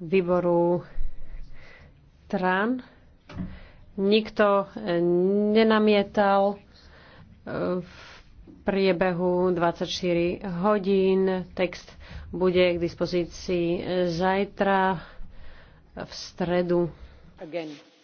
výboru TRAN. Nikto e, nenamietal e, v priebehu 24 hodín. Text bude k dispozícii zajtra v stredu. Again.